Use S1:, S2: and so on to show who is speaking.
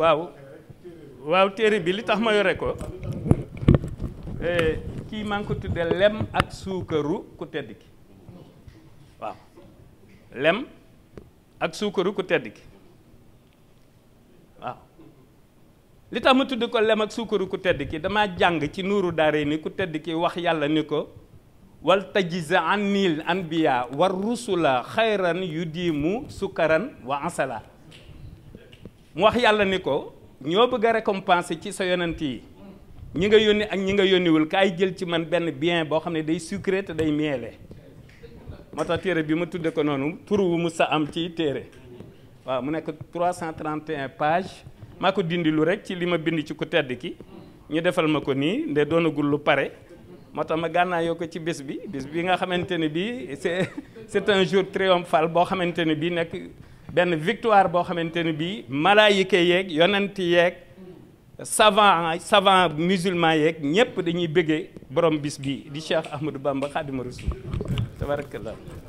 S1: waaw waaw téere bi li tax ma yore ko eh, kii maa ngi ko tudde lem ak suukaru ku tedd ki waaw lem ak suukaru ku tedd ki waaw li tax ma tudd ko lem ak suukaru ku tedd ki dama jàng ci nuuru daare ni ku tedd ki wax yàlla ni ko wal tajisa an niil anbiya war rusula xayran yu diimu sukaran wa ansala mu wax yàlla ni ko ñoo bëgg a ci sa yonent yi ñi nga yónni ak ñi nga yónniwul kaay jël ci man benn bien boo xam ne day sucré te day miellé moo tax téere bi ma tudd ko noonu tur wu mu sa am ci téere waaw mu nekk trois 331 page ma ko dindi lu rek ci li ma bind ci ku tedd ki ñu defal ma ko nii nde doonagul lu pare moo tax ma gànnaayoo ko ci bés bi bés bi nga xamante ne bii c'est c'est un jour triomphal boo xamante ne bii nekk benn victoire boo xamante ne bii malaayika yeeg yonent yeeg savant savant musulman yeeg ñëpp dañuy bëggee borom bis bii di Cheikh Ahmadou Bamba Khadimou Rassoul tabarakallah